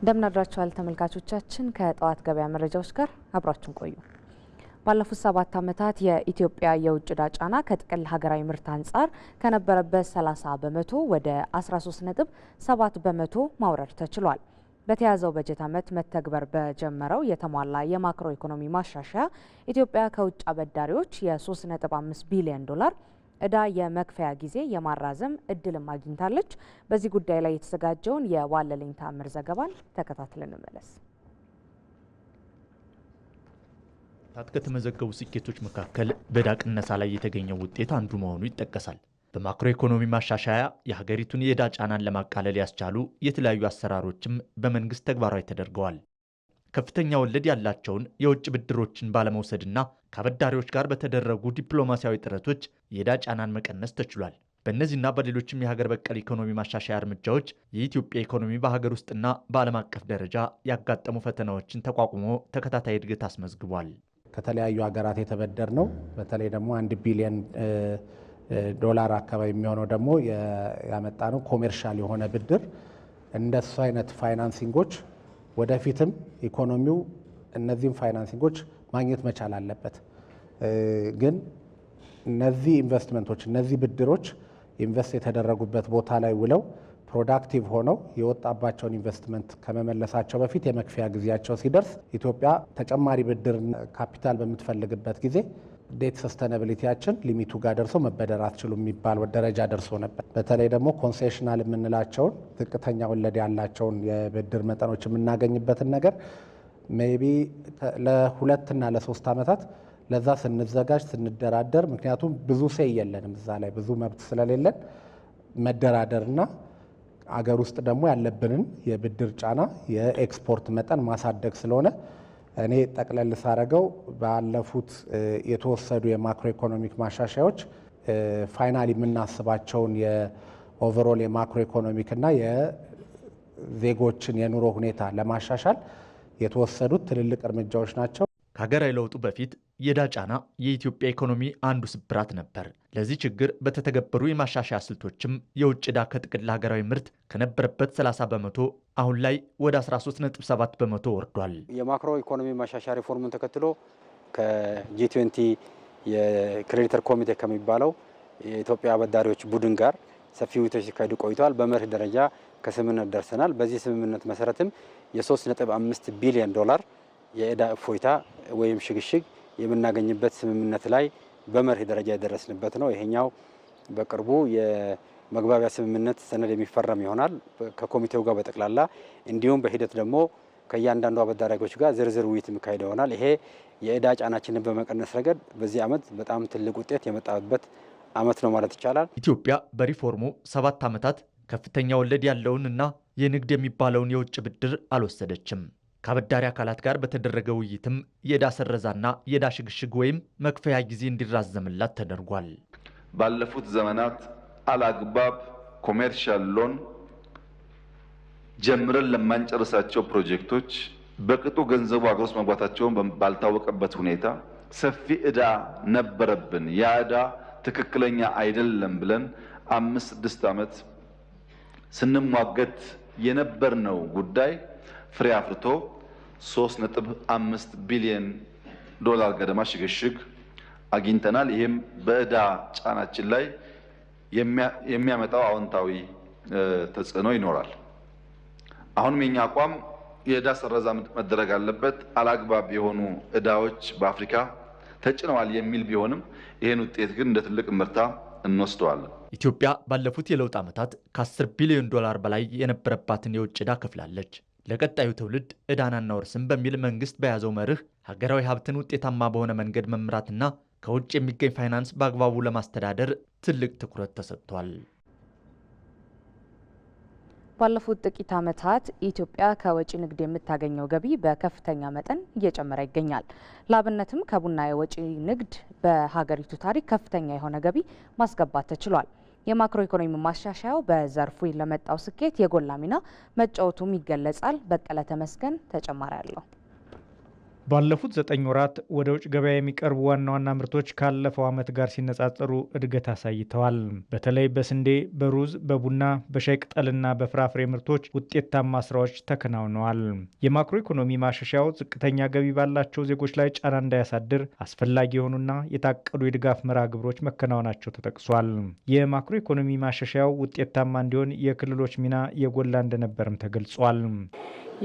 እንደምናድራችኋል ተመልካቾቻችን። ከጠዋት ገበያ መረጃዎች ጋር አብራችሁን ቆዩ። ባለፉት ሰባት ዓመታት የኢትዮጵያ የውጭ ዕዳ ጫና ከጥቅል ሀገራዊ ምርት አንጻር ከነበረበት 30 በመቶ ወደ 13.7 በመቶ ማውረድ ተችሏል። በተያዘው በጀት ዓመት መተግበር በጀመረው የተሟላ የማክሮ ኢኮኖሚ ማሻሻያ ኢትዮጵያ ከውጭ አበዳሪዎች የ3.5 ቢሊዮን ዶላር እዳ የመክፈያ ጊዜ የማራዘም እድልም አግኝታለች። በዚህ ጉዳይ ላይ የተዘጋጀውን የዋለልኝ ታምር ዘገባን ተከታትለን እንመለስ። ታት ከተመዘገቡ ስኬቶች መካከል በዕዳ ቅነሳ ላይ የተገኘው ውጤት አንዱ መሆኑ ይጠቀሳል። በማክሮ ኢኮኖሚ ማሻሻያ የሀገሪቱን የዕዳ ጫናን ለማቃለል ያስቻሉ የተለያዩ አሰራሮችም በመንግስት ተግባራዊ ተደርገዋል። ከፍተኛ ወለድ ያላቸውን የውጭ ብድሮችን ባለመውሰድና ከአበዳሪዎች ጋር በተደረጉ ዲፕሎማሲያዊ ጥረቶች የዕዳ ጫናን መቀነስ ተችሏል። በእነዚህና በሌሎችም የሀገር በቀል ኢኮኖሚ ማሻሻያ እርምጃዎች የኢትዮጵያ ኢኮኖሚ በሀገር ውስጥና በዓለም አቀፍ ደረጃ ያጋጠሙ ፈተናዎችን ተቋቁሞ ተከታታይ እድገት አስመዝግቧል። ከተለያዩ ሀገራት የተበደር ነው። በተለይ ደግሞ አንድ ቢሊዮን ዶላር አካባቢ የሚሆነው ደግሞ ያመጣ ነው ኮሜርሻል የሆነ ብድር እንደሱ አይነት ፋይናንሲንጎች ወደፊትም ኢኮኖሚው እነዚህም ፋይናንሲንጎች ማግኘት መቻል አለበት። ግን እነዚህ ኢንቨስትመንቶች እነዚህ ብድሮች ኢንቨስት የተደረጉበት ቦታ ላይ ውለው ፕሮዳክቲቭ ሆነው የወጣባቸውን ኢንቨስትመንት ከመመለሳቸው በፊት የመክፈያ ጊዜያቸው ሲደርስ ኢትዮጵያ ተጨማሪ ብድር ካፒታል በምትፈልግበት ጊዜ ዴት ሰስተናብሊቲያችን ሊሚቱ ጋር ደርሶ መበደር አትችሉም የሚባል ደረጃ ደርሶ ነበር። በተለይ ደግሞ ኮንሴሽናል የምንላቸውን ዝቅተኛ ወለድ ያላቸውን የብድር መጠኖች የምናገኝበትን ነገር ሜቢ ለሁለትና ለሶስት ዓመታት ለዛ ስንዘጋጅ ስንደራደር፣ ምክንያቱም ብዙ ሴ የለንም እዛ ላይ ብዙ መብት ስለሌለን መደራደርና አገር ውስጥ ደግሞ ያለብንን የብድር ጫና የኤክስፖርት መጠን ማሳደግ ስለሆነ እኔ ጠቅለል ሳረገው ባለፉት የተወሰዱ የማክሮ ኢኮኖሚክ ማሻሻያዎች ፋይናል የምናስባቸውን የኦቨሮል የማክሮ ኢኮኖሚክ የዜጎችን የኑሮ ሁኔታ ለማሻሻል የተወሰዱት ትልልቅ እርምጃዎች ናቸው። ከሀገራዊ ለውጡ በፊት የዕዳ ጫና የኢትዮጵያ ኢኮኖሚ አንዱ ስብራት ነበር። ለዚህ ችግር በተተገበሩ የማሻሻያ ስልቶችም የውጭ ዕዳ ከጥቅል ሀገራዊ ምርት ከነበረበት 30 በመቶ አሁን ላይ ወደ 13.7 በመቶ ወርዷል። የማክሮ ኢኮኖሚ ማሻሻያ ሪፎርሙን ተከትሎ ከጂ20 የክሬዲተር ኮሚቴ ከሚባለው የኢትዮጵያ አበዳሪዎች ቡድን ጋር ሰፊ ውይይቶች ሲካሄዱ ቆይተዋል። በመርህ ደረጃ ከስምምነት ደርሰናል። በዚህ ስምምነት መሰረትም የ3.5 ቢሊዮን ዶላር የዕዳ እፎይታ ወይም ሽግሽግ የምናገኝበት ስምምነት ላይ በመርህ ደረጃ የደረስንበት ነው። ይሄኛው በቅርቡ የመግባቢያ ስምምነት ሰነድ የሚፈረም ይሆናል ከኮሚቴው ጋር በጠቅላላ እንዲሁም በሂደት ደግሞ ከእያንዳንዱ አበዳሪዎች ጋር ዝርዝር ውይይት የሚካሄደ ይሆናል። ይሄ የዕዳ ጫናችንን በመቀነስ ረገድ በዚህ ዓመት በጣም ትልቅ ውጤት የመጣበት ዓመት ነው ማለት ይቻላል። ኢትዮጵያ በሪፎርሙ ሰባት ዓመታት ከፍተኛ ወለድ ያለውን እና የንግድ የሚባለውን የውጭ ብድር አልወሰደችም። ከአበዳሪ አካላት ጋር በተደረገ ውይይትም የዕዳ ና የዕዳ ሽግሽግ ወይም መክፈያ ጊዜ እንዲራዘምላት ተደርጓል። ባለፉት ዘመናት አላግባብ ኮሜርሻል ሎን ጀምረን ለማንጨርሳቸው ፕሮጀክቶች በቅጡ ገንዘቡ አገር ውስጥ መግባታቸውን ባልታወቀበት ሁኔታ ሰፊ ዕዳ ነበረብን። ያ ዕዳ ትክክለኛ አይደለም ብለን አምስት ስድስት ዓመት ስንሟገት የነበርነው ጉዳይ ፍሬ አፍርቶ 3.5 ቢሊዮን ዶላር ገደማ ሽግሽግ አግኝተናል። ይህም በእዳ ጫናችን ላይ የሚያመጣው አዎንታዊ ተጽዕኖ ይኖራል። አሁንም የኛ አቋም የእዳ ሰረዛ መደረግ አለበት፣ አላግባብ የሆኑ እዳዎች በአፍሪካ ተጭነዋል የሚል ቢሆንም ይህን ውጤት ግን እንደ ትልቅ ምርታ እንወስደዋለን። ኢትዮጵያ ባለፉት የለውጥ ዓመታት ከ10 ቢሊዮን ዶላር በላይ የነበረባትን የውጭ ዕዳ ከፍላለች። ለቀጣዩ ትውልድ ዕዳን አናወርስም በሚል መንግስት በያዘው መርህ ሀገራዊ ሀብትን ውጤታማ በሆነ መንገድ መምራትና ከውጭ የሚገኝ ፋይናንስ በአግባቡ ለማስተዳደር ትልቅ ትኩረት ተሰጥቷል። ባለፉት ጥቂት ዓመታት ኢትዮጵያ ከወጪ ንግድ የምታገኘው ገቢ በከፍተኛ መጠን እየጨመረ ይገኛል። ለአብነትም ከቡና የወጪ ንግድ በሀገሪቱ ታሪክ ከፍተኛ የሆነ ገቢ ማስገባት ተችሏል። የማክሮ ኢኮኖሚ ማሻሻያው በዘርፉ ለመጣው ስኬት የጎላ ሚና መጫወቱም ይገለጻል። በቀለ ተመስገን ተጨማሪ አለው። ባለፉት ዘጠኝ ወራት ወደ ውጭ ገበያ የሚቀርቡ ዋና ዋና ምርቶች ካለፈው ዓመት ጋር ሲነጻጸሩ እድገት አሳይተዋል። በተለይ በስንዴ፣ በሩዝ፣ በቡና፣ በሻይ ቅጠልና በፍራፍሬ ምርቶች ውጤታማ ስራዎች ተከናውነዋል። የማክሮ ኢኮኖሚ ማሻሻያው ዝቅተኛ ገቢ ባላቸው ዜጎች ላይ ጫና እንዳያሳድር አስፈላጊ የሆኑና የታቀዱ የድጋፍ መርሃ ግብሮች መከናወናቸው ተጠቅሷል። የማክሮ ኢኮኖሚ ማሻሻያው ውጤታማ እንዲሆን የክልሎች ሚና የጎላ እንደነበርም ተገልጿል።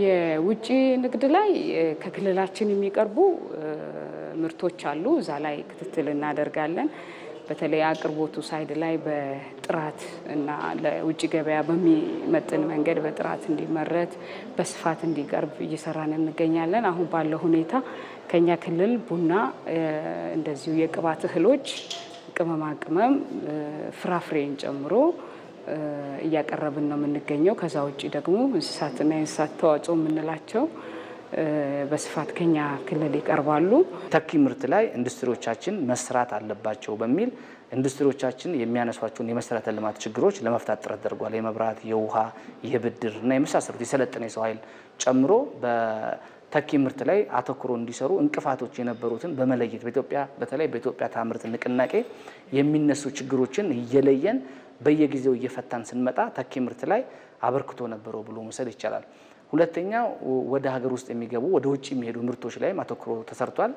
የውጭ ንግድ ላይ ከክልላችን የሚቀርቡ ምርቶች አሉ። እዛ ላይ ክትትል እናደርጋለን። በተለይ አቅርቦቱ ሳይድ ላይ በጥራት እና ለውጭ ገበያ በሚመጥን መንገድ በጥራት እንዲመረት በስፋት እንዲቀርብ እየሰራን እንገኛለን። አሁን ባለው ሁኔታ ከኛ ክልል ቡና፣ እንደዚሁ የቅባት እህሎች፣ ቅመማ ቅመም፣ ፍራፍሬን ጨምሮ እያቀረብን ነው የምንገኘው። ከዛ ውጭ ደግሞ እንስሳትና የእንስሳት ተዋጽኦ የምንላቸው በስፋት ከኛ ክልል ይቀርባሉ። ተኪ ምርት ላይ ኢንዱስትሪዎቻችን መስራት አለባቸው በሚል ኢንዱስትሪዎቻችን የሚያነሷቸውን የመሰረተ ልማት ችግሮች ለመፍታት ጥረት ደርጓል። የመብራት፣ የውሃ፣ የብድር እና የመሳሰሉት የሰለጠነ የሰው ኃይል ጨምሮ በተኪ ምርት ላይ አተኩሮ እንዲሰሩ እንቅፋቶች የነበሩትን በመለየት በኢትዮጵያ በተለይ በኢትዮጵያ ታምርት ንቅናቄ የሚነሱ ችግሮችን እየለየን በየጊዜው እየፈታን ስንመጣ ተኪ ምርት ላይ አበርክቶ ነበረው ብሎ መውሰድ ይቻላል። ሁለተኛ ወደ ሀገር ውስጥ የሚገቡ ወደ ውጭ የሚሄዱ ምርቶች ላይ አተኩሮ ተሰርቷል።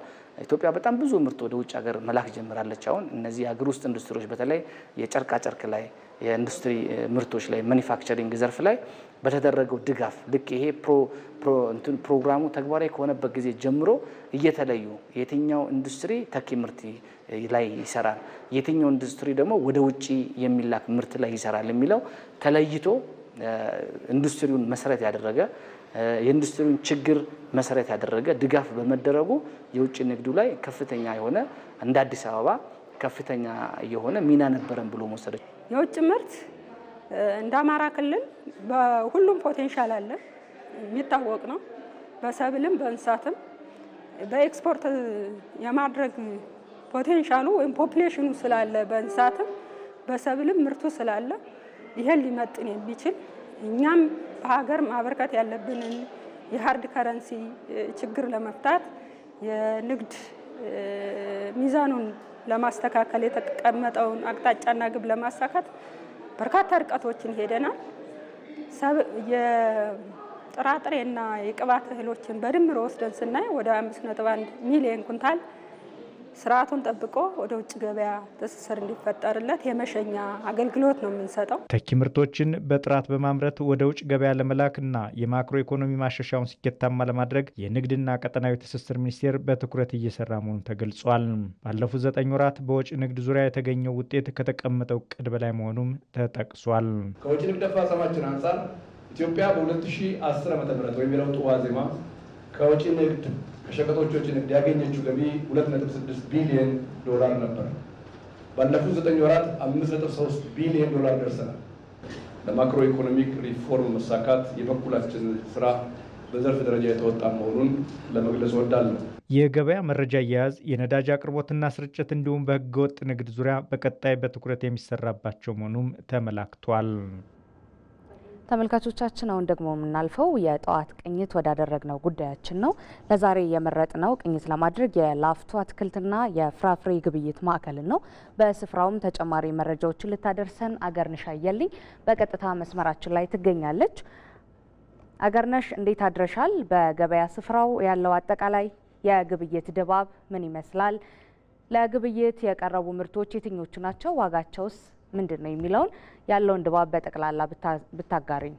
ኢትዮጵያ በጣም ብዙ ምርት ወደ ውጭ ሀገር መላክ ጀምራለች። አሁን እነዚህ የሀገር ውስጥ ኢንዱስትሪዎች በተለይ የጨርቃ ጨርቅ ላይ የኢንዱስትሪ ምርቶች ላይ ማኒፋክቸሪንግ ዘርፍ ላይ በተደረገው ድጋፍ ልክ ይሄ ፕሮግራሙ ተግባራዊ ከሆነበት ጊዜ ጀምሮ እየተለዩ የትኛው ኢንዱስትሪ ተኪ ምርት ላይ ይሰራል፣ የትኛው ኢንዱስትሪ ደግሞ ወደ ውጭ የሚላክ ምርት ላይ ይሰራል የሚለው ተለይቶ ኢንዱስትሪውን መሰረት ያደረገ የኢንዱስትሪውን ችግር መሰረት ያደረገ ድጋፍ በመደረጉ የውጭ ንግዱ ላይ ከፍተኛ የሆነ እንደ አዲስ አበባ ከፍተኛ የሆነ ሚና ነበረን ብሎ መውሰድ የውጭ ምርት እንደ አማራ ክልል በሁሉም ፖቴንሻል አለ፣ የሚታወቅ ነው። በሰብልም በእንስሳትም በኤክስፖርት የማድረግ ፖቴንሻሉ ወይም ፖፕሌሽኑ ስላለ በእንስሳትም በሰብልም ምርቱ ስላለ ይሄን ሊመጥን የሚችል እኛም በሀገር ማበርከት ያለብንን የሀርድ ከረንሲ ችግር ለመፍታት የንግድ ሚዛኑን ለማስተካከል የተቀመጠውን አቅጣጫና ግብ ለማሳካት በርካታ ርቀቶችን ሄደናል። የጥራጥሬና የቅባት እህሎችን በድምር ወስደን ስናይ ወደ 5.1 ሚሊዮን ኩንታል ስርዓቱን ጠብቆ ወደ ውጭ ገበያ ትስስር እንዲፈጠርለት የመሸኛ አገልግሎት ነው የምንሰጠው። ተኪ ምርቶችን በጥራት በማምረት ወደ ውጭ ገበያ ለመላክና የማክሮ ኢኮኖሚ ማሻሻያውን ስኬታማ ለማድረግ የንግድና ቀጠናዊ ትስስር ሚኒስቴር በትኩረት እየሰራ መሆኑ ተገልጿል። ባለፉት ዘጠኝ ወራት በውጭ ንግድ ዙሪያ የተገኘው ውጤት ከተቀመጠው ቅድ በላይ መሆኑም ተጠቅሷል። ከውጭ ንግድ አፈጻጸማችን አንጻር ኢትዮጵያ በ2010 ም ወይም የለውጡ ዋዜማ ከውጭ ንግድ ከሸቀጦች ወጪ ንግድ ያገኘችው ገቢ 2.6 ቢሊዮን ዶላር ነበር። ባለፉት 9 ወራት 5.3 ቢሊዮን ዶላር ደርሰናል። ለማክሮ ኢኮኖሚክ ሪፎርም መሳካት የበኩላችን ስራ በዘርፍ ደረጃ የተወጣ መሆኑን ለመግለጽ እወዳለሁ። የገበያ መረጃ አያያዝ፣ የነዳጅ አቅርቦትና ስርጭት እንዲሁም በህገወጥ ንግድ ዙሪያ በቀጣይ በትኩረት የሚሰራባቸው መሆኑም ተመላክቷል። ተመልካቾቻችን አሁን ደግሞ የምናልፈው የጠዋት ቅኝት ወዳደረግነው ጉዳያችን ነው። ለዛሬ የመረጥነው ቅኝት ለማድረግ የላፍቶ አትክልትና የፍራፍሬ ግብይት ማዕከልን ነው። በስፍራውም ተጨማሪ መረጃዎችን ልታደርሰን አገርነሽ አየልኝ በቀጥታ መስመራችን ላይ ትገኛለች። አገርነሽ እንዴት አድረሻል? በገበያ ስፍራው ያለው አጠቃላይ የግብይት ድባብ ምን ይመስላል? ለግብይት የቀረቡ ምርቶች የትኞቹ ናቸው? ዋጋቸውስ ምንድን ነው የሚለውን ያለውን ድባብ በጠቅላላ ብታጋሪኝ።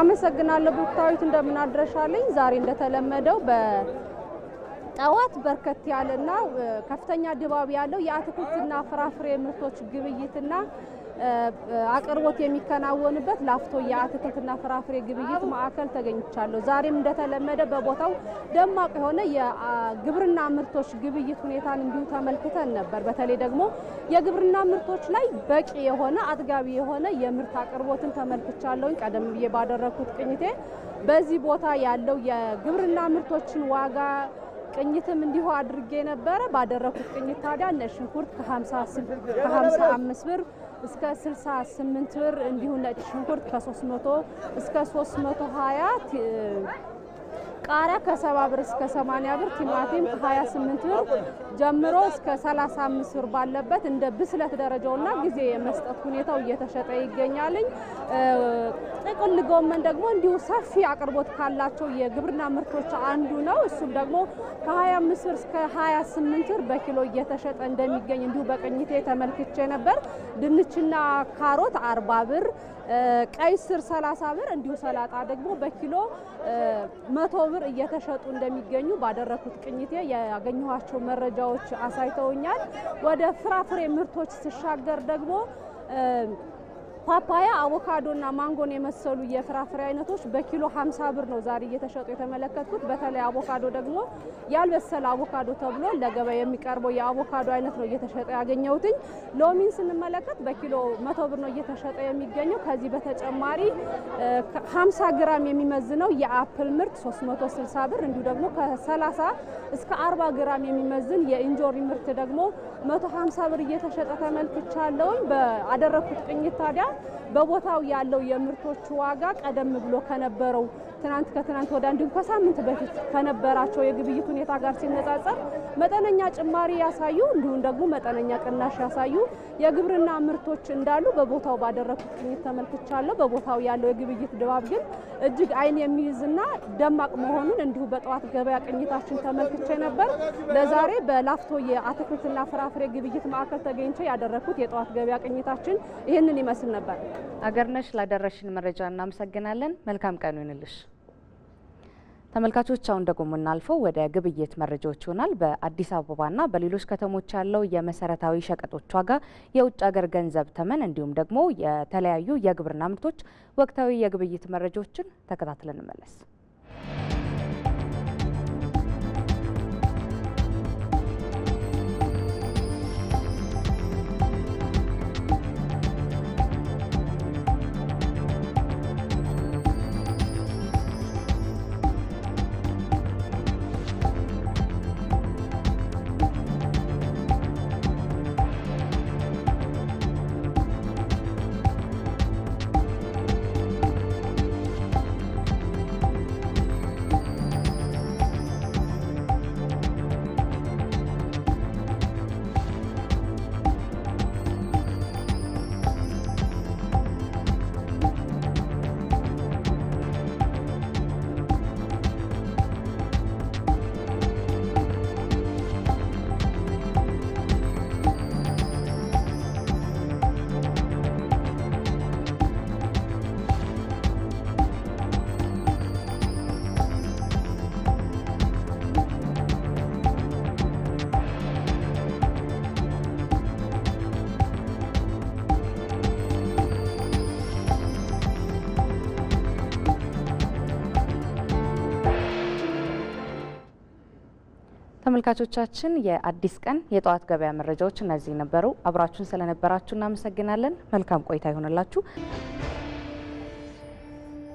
አመሰግናለሁ እንደምን እንደምናድረሻለኝ። ዛሬ እንደተለመደው በጠዋት በርከት ያለና ከፍተኛ ድባብ ያለው የአትክልትና ፍራፍሬ ምርቶች ግብይትና አቅርቦት የሚከናወንበት ላፍቶ የአትክልትና ፍራፍሬ ግብይት ማዕከል ተገኝቻለሁ። ዛሬም እንደተለመደ በቦታው ደማቅ የሆነ የግብርና ምርቶች ግብይት ሁኔታን እንዲሁ ተመልክተን ነበር። በተለይ ደግሞ የግብርና ምርቶች ላይ በቂ የሆነ አጥጋቢ የሆነ የምርት አቅርቦትን ተመልክቻለሁኝ። ቀደም ብዬ ባደረግኩት ቅኝቴ በዚህ ቦታ ያለው የግብርና ምርቶችን ዋጋ ቅኝትም እንዲሁ አድርጌ ነበረ። ባደረኩት ቅኝት ታዲያ እነ ሽንኩርት ከ55 ብር እስከ 68 ብር እንዲሁም ነጭ ሽንኩርት ከ300 እስከ 320 ቃሪያ ከሰባ ብር እስከ 80 ብር፣ ቲማቲም ከ28 ብር ጀምሮ እስከ 35 ብር ባለበት እንደ ብስለት ደረጃውና ጊዜ የመስጠት ሁኔታው እየተሸጠ ይገኛልኝ። ጥቅል ጎመን ደግሞ እንዲሁ ሰፊ አቅርቦት ካላቸው የግብርና ምርቶች አንዱ ነው። እሱም ደግሞ ከ25 ብር እስከ 28 ብር በኪሎ እየተሸጠ እንደሚገኝ እንዲሁ በቅኝቴ ተመልክቼ ነበር። ድንችና ካሮት 40 ብር፣ ቀይ ስር 30 ብር፣ እንዲሁ ሰላጣ ደግሞ በኪሎ 100 ብር እየተሸጡ እንደሚገኙ ባደረኩት ቅኝቴ ያገኘኋቸው መረጃዎች አሳይተውኛል። ወደ ፍራፍሬ ምርቶች ስሻገር ደግሞ ፓፓያ፣ አቮካዶና ማንጎን የመሰሉ የፍራፍሬ አይነቶች በኪሎ 50 ብር ነው ዛሬ እየተሸጡ የተመለከትኩት። በተለይ አቮካዶ ደግሞ ያልበሰለ አቮካዶ ተብሎ ለገበያ የሚቀርበው የአቮካዶ አይነት ነው እየተሸጠ ያገኘሁትኝ። ሎሚን ስንመለከት በኪሎ 100 ብር ነው እየተሸጠ የሚገኘው። ከዚህ በተጨማሪ 50 ግራም የሚመዝነው የአፕል ምርት 360 ብር፣ እንዲሁ ደግሞ ከ30 እስከ 40 ግራም የሚመዝን የእንጆሪ ምርት ደግሞ 150 ብር እየተሸጠ ተመልክቻለሁኝ። በአደረግኩት ቅኝት ታዲያ በቦታው ያለው የምርቶች ዋጋ ቀደም ብሎ ከነበረው ትናንት ከትናንት ወደ አንድ ከሳምንት በፊት ከነበራቸው የግብይት ሁኔታ ጋር ሲነጻጸር መጠነኛ ጭማሪ ያሳዩ እንዲሁም ደግሞ መጠነኛ ቅናሽ ያሳዩ የግብርና ምርቶች እንዳሉ በቦታው ባደረኩት ቅኝት ተመልክቻለሁ። በቦታው ያለው የግብይት ድባብ ግን እጅግ ዓይን የሚይዝና ደማቅ መሆኑን እንዲሁ በጠዋት ገበያ ቅኝታችን ተመልክቼ ነበር። ለዛሬ በላፍቶ የአትክልትና ፍራፍሬ ግብይት ማዕከል ተገኝቼ ያደረኩት የጠዋት ገበያ ቅኝታችን ይህንን ይመስል ነበር። አገርነሽ ላደረሽን መረጃ እናመሰግናለን። መልካም ቀን ይሁንልሽ። ተመልካቾች አሁን ደግሞ የምናልፈው ወደ ግብይት መረጃዎች ይሆናል። በአዲስ አበባና በሌሎች ከተሞች ያለው የመሰረታዊ ሸቀጦች ዋጋ፣ የውጭ ሀገር ገንዘብ ተመን እንዲሁም ደግሞ የተለያዩ የግብርና ምርቶች ወቅታዊ የግብይት መረጃዎችን ተከታትለን እንመለስ። ተመልካቾቻችን የአዲስ ቀን የጠዋት ገበያ መረጃዎች እነዚህ ነበሩ። አብራችሁን ስለነበራችሁ እናመሰግናለን። መልካም ቆይታ ይሆንላችሁ።